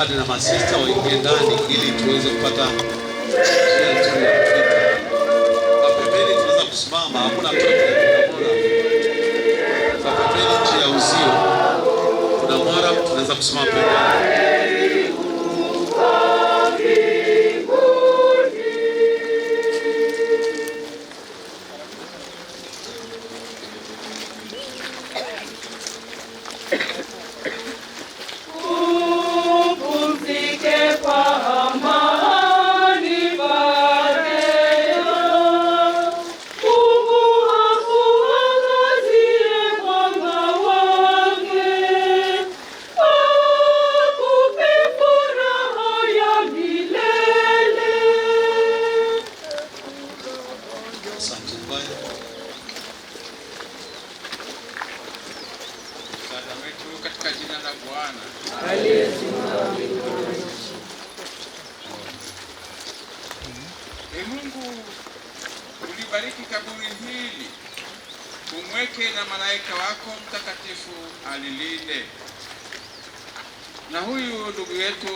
mapadri na masista waingie ndani ili tuweze kupata njia nzuri pembeni tunaweza kusimama, hakuna mtoto bora. Kwa pembeni nje ya uzio kuna mwarabu, tunaweza kusimama pembeni.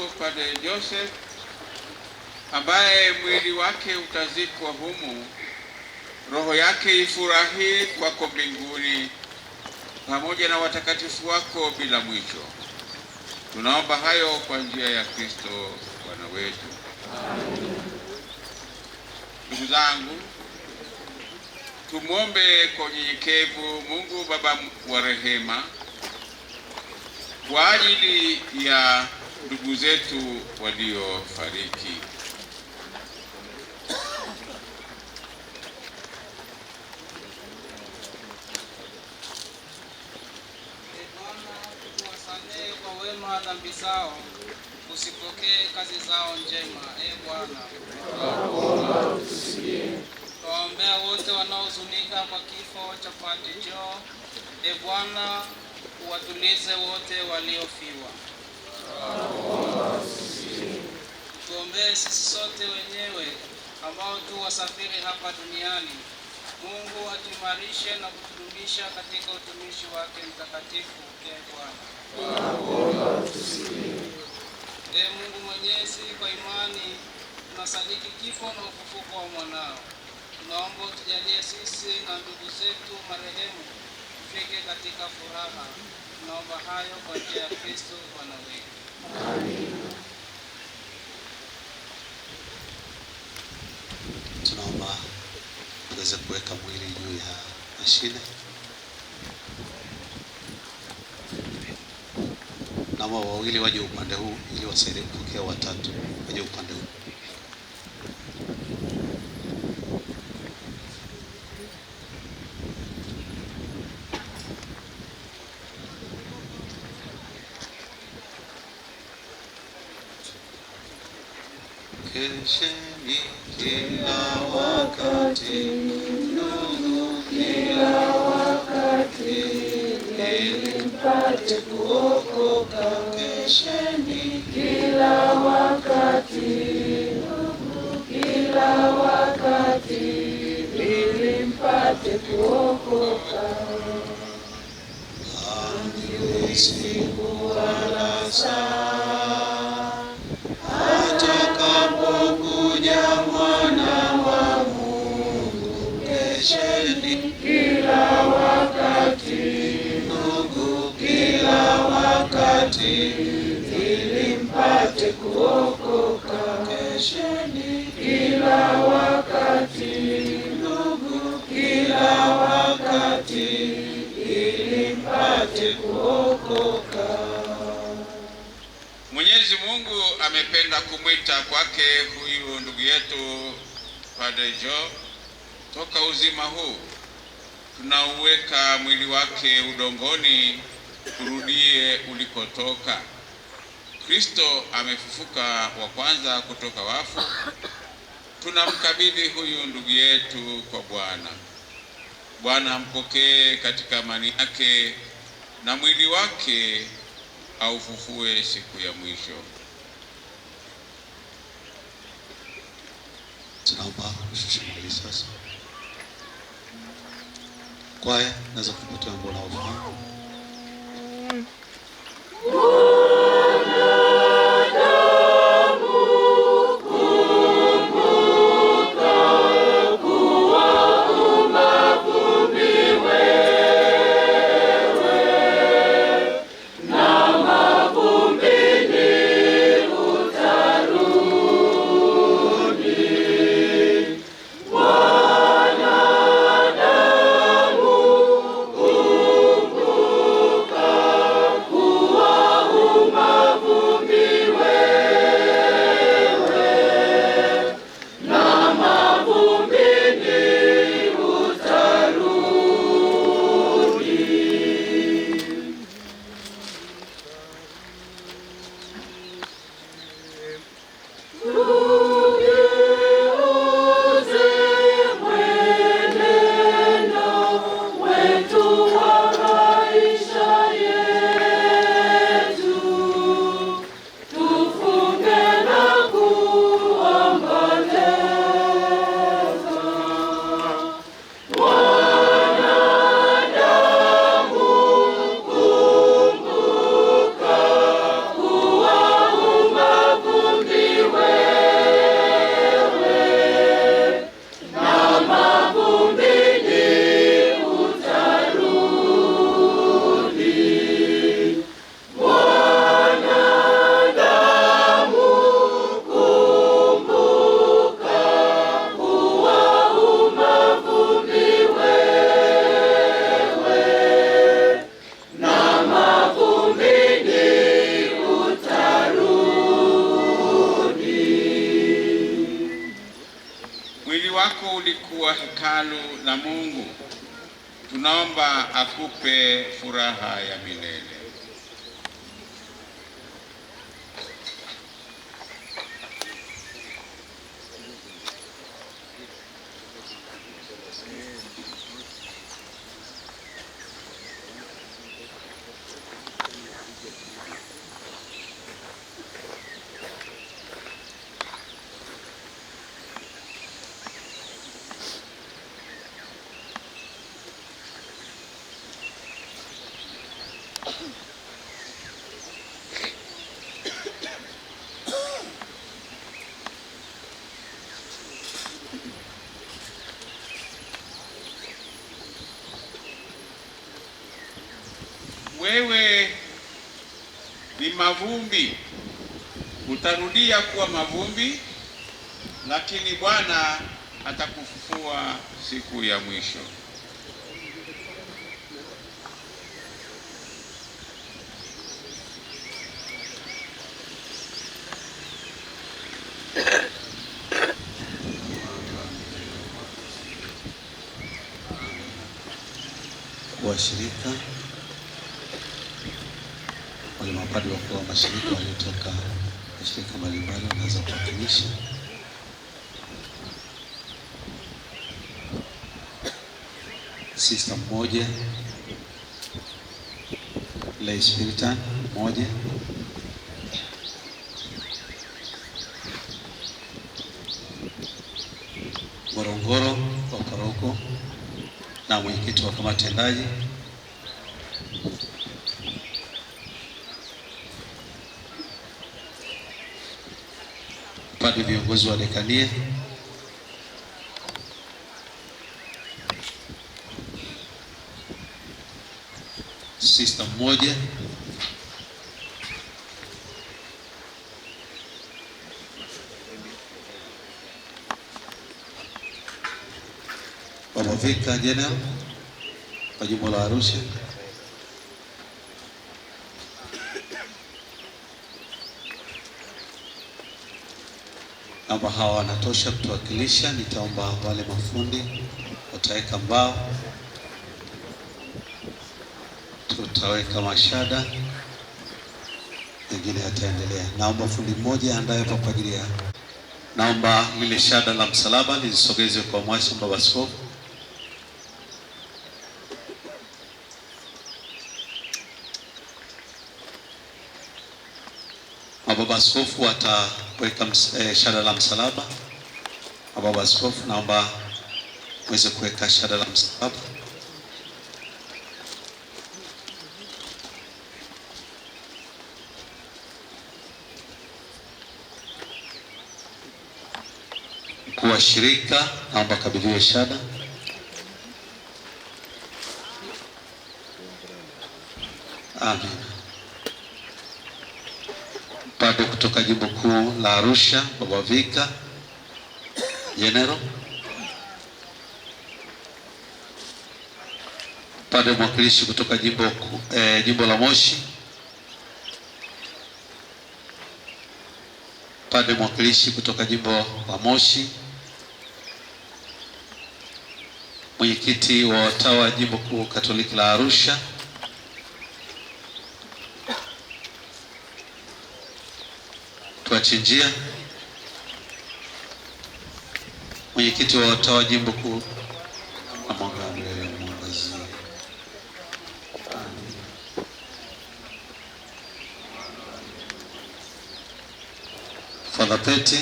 wetu Padre Joseph ambaye mwili wake utazikwa humu, roho yake ifurahi kwako mbinguni pamoja na watakatifu wako bila mwisho. Tunaomba hayo kwa njia ya Kristo Bwana wetu. Ndugu zangu, tumwombe kwa unyenyekevu Mungu Baba wa rehema kwa ajili ya ndugu zetu waliofariki. Tuwasamehe kwa wema dhambi zao, usipokee kazi zao njema. E Bwana, tunakuomba wote wanaohuzunika kwa kifo cha Padre joo E ee Bwana, uwatulize wote waliofiwa Tuombee sisi sote wenyewe ambao tu wasafiri hapa duniani. Mungu atuimarishe na kutudumisha katika utumishi wake mtakatifu. Ee Bwana, ee Mungu Mwenyezi, kwa imani tunasadiki kifo na ufufuko wa mwanao. Tunaomba utujalie sisi na ndugu zetu marehemu tufike katika furaha. Tunaomba hayo kwa njia ya Kristo Bwana wetu. Tunaomba tuweze kuweka mwili juu ya mashine. Naomba wawili waje upande huu ili wasaidie kutokea watatu waje upande huu. dhambi ili mpate kuokoka. Mwana wa Mungu. Kesheni kila wakati, kila wakati ili mpate kuokoka. Kesheni kila wakati. Mwenyezi Mungu amependa kumwita kwake huyu ndugu yetu Padre Joe. Toka uzima huu tunauweka mwili wake udongoni, kurudie ulikotoka. Kristo amefufuka wa kwanza kutoka wafu. Tunamkabidhi huyu ndugu yetu kwa Bwana. Bwana ampokee katika amani yake na mwili wake aufufue siku ya mwisho. Naomba ushushe sasa. Kwaya naweza kupata wimbo unaofaa. Mm. na Mungu tunaomba akupe furaha ya milele. mavumbi, utarudia kuwa mavumbi, lakini Bwana atakufufua siku ya mwisho. washirika mapadi wakuu wa mashirika waliotoka mashirika mbalimbali wanaweza kuwakilisha. Sista mmoja, lay spiritan mmoja, Ngorongoro wa paroko na mwenyekiti wa kamati tendaji Bozuadekali. Sista moja. Wamefika jana kwa jimbo la Rússia. naomba hawa wanatosha kutuwakilisha. Nitaomba wale mafundi wataweka mbao, tutaweka mashada, mengine yataendelea. Naomba fundi mmoja andaye kwa ajili ya, naomba lile shada la msalaba lisogezwe kwa mwasi Baba Askofu. Mababa askofu wata kuweka eh, shada la msalaba. Baba Askofu, naomba uweze kuweka shada la msalaba. Mkuu wa shirika, naomba kabidhiwe shada. Amen yako kutoka jimbo kuu la Arusha, Baba Vika Jenero, upande mwakilishi kutoka jimbo, eh, jimbo la Moshi, upande mwakilishi kutoka jimbo la Moshi, mwenyekiti wa watawa jimbo kuu Katoliki la Arusha Kuwachinjia. Mwenyekiti wa watawa jimbo kuu na mwanga Fadha Peti,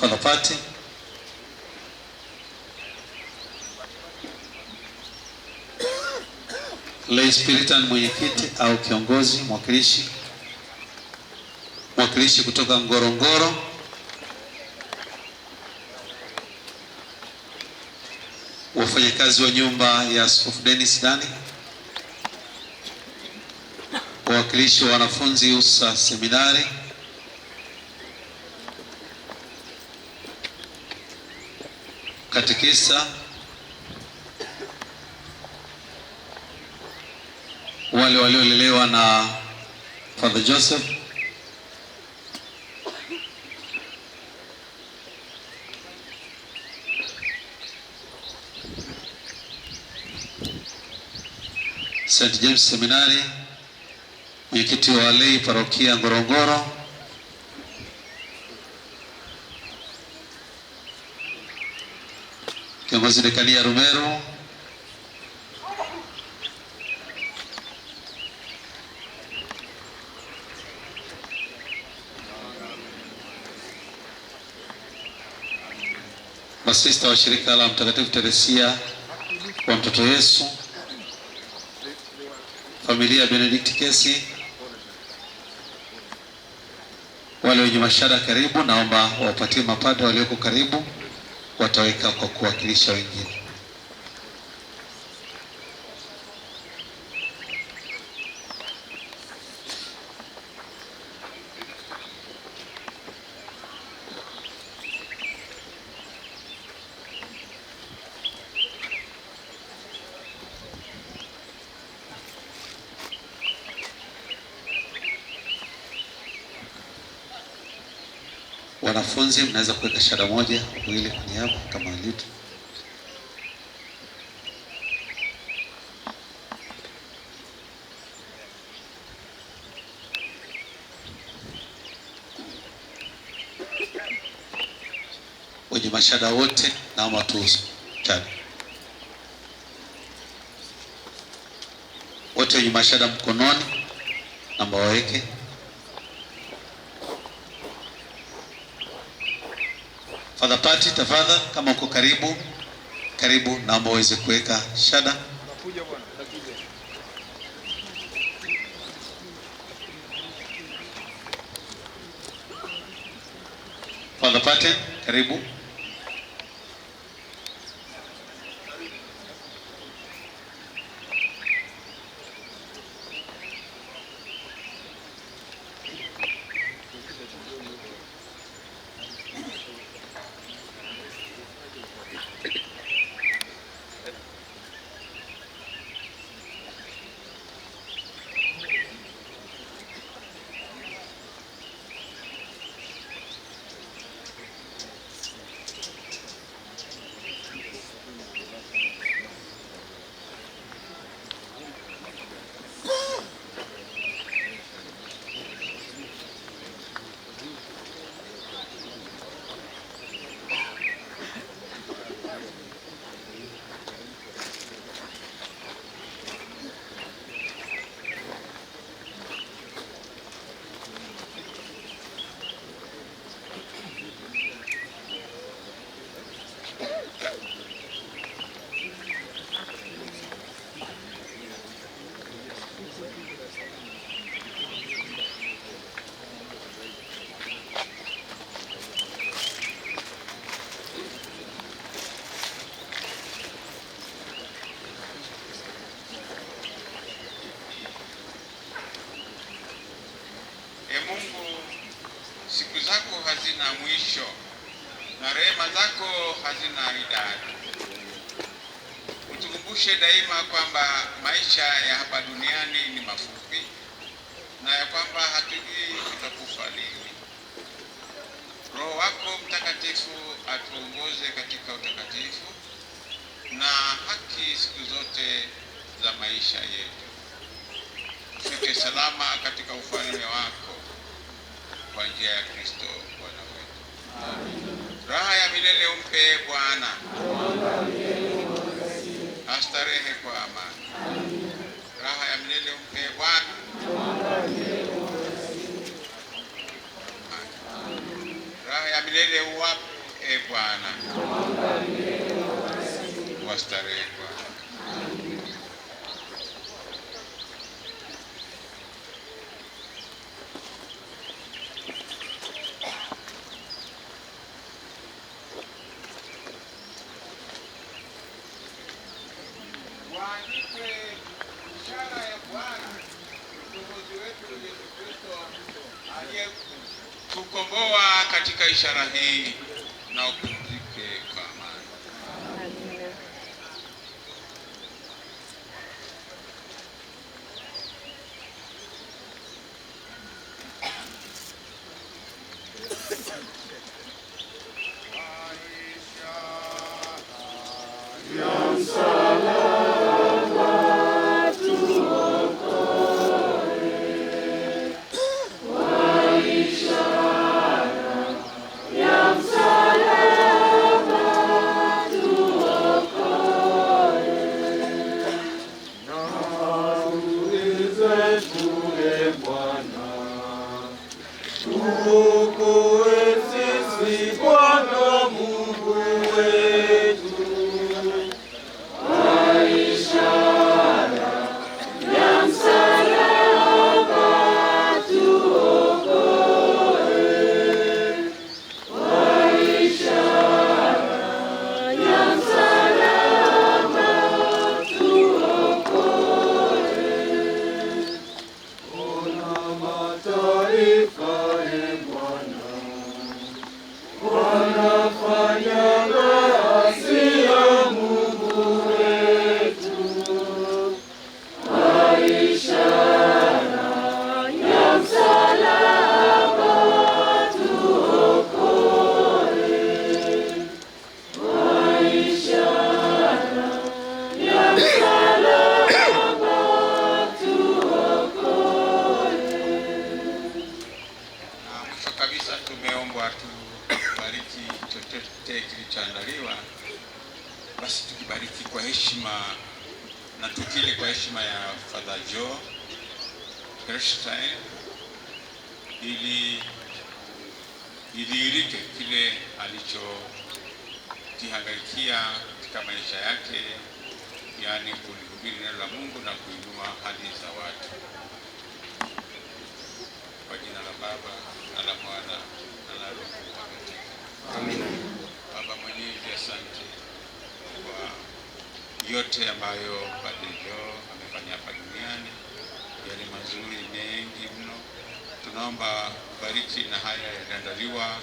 Fadha Pati, lay spiritan mwenyekiti au kiongozi mwakilishi mwakilishi kutoka Ngorongoro. Wafanyakazi wa nyumba ya Askofu Dennis Dani, wawakilishi wa wanafunzi USA Seminari, katekista, wale waliolelewa na Father Joseph St. James Seminari, mwenyekiti wa walei parokia Ngorongoro, kiongozi dekania Rumeru, masista wa shirika la Mtakatifu Teresia wa mtoto Yesu familia Benedict Kesi, wale wenye mashara karibu, naomba wapatie mapadre walioko karibu, wataweka kwa kuwakilisha wengine. wanafunzi mnaweza kuweka shada moja wili kwenye hapo kama ilivyo. Wenye mashada wote naomba tuzo chani, Wote wenye mashada mkononi namba waweke Father Pati, tafadhali kama uko karibu karibu, naomba uweze kuweka shada. Father Pati, karibu. Mungu, siku zako hazina mwisho na rehema zako hazina idadi. Utukumbushe daima kwamba maisha ya hapa duniani ni mafupi na ya kwamba hatujui tutakufa lini. Roho wako Mtakatifu atuongoze katika utakatifu na haki siku zote za maisha yetu, tufike salama katika ufalme wako kwa njia ya Kristo Bwana wetu. Raha ya milele umpe Bwana, astarehe kwa amani. Raha ya milele umpe Bwana. Raha ya milele uwape Bwana, wastarehe kwa deixará kile kilichoandaliwa, basi tukibariki kwa heshima na tukile kwa heshima ya Father Joe Gerstein ili idhihirike kile alichokihangaikia katika maisha yake, yaani kulihubiri neno la Mungu na kuinua hali za watu. Kwa jina la Baba yote ambayo Padre Joe amefanya hapa duniani yali mazuri mengi mno. Tunaomba bariki na haya yaliandaliwa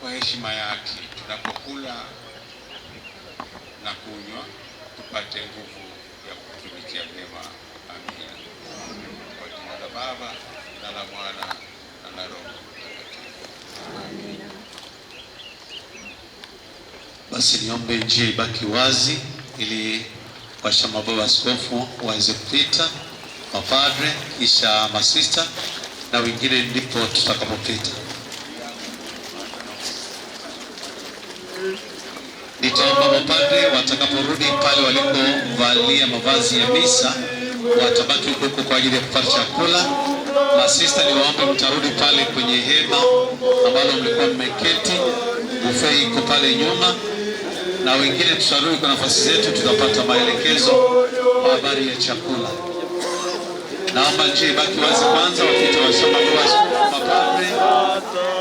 kwa heshima yake, tunapokula na kunywa tupate nguvu ya kutumikia vyema. Amina. Kwa jina la Baba na la Mwana na la Roho Mtakatifu. Basi niombe njia ibaki wazi ili kuhakikisha mababa askofu waweze kupita, mapadre, kisha masista na wengine, ndipo tutakapopita. Nitaomba mapadre watakaporudi pale walikovalia mavazi ya misa watabaki huko kwa ajili ya kupata chakula. Masista waombe mtarudi pale kwenye hema ambalo mlikuwa mmeketi, buffet iko pale nyuma na wengine tutarudi kwa nafasi zetu, tutapata maelekezo kwa habari ya chakula. Naomba njia ibaki wazi kwanza, watoto wasoma mapambe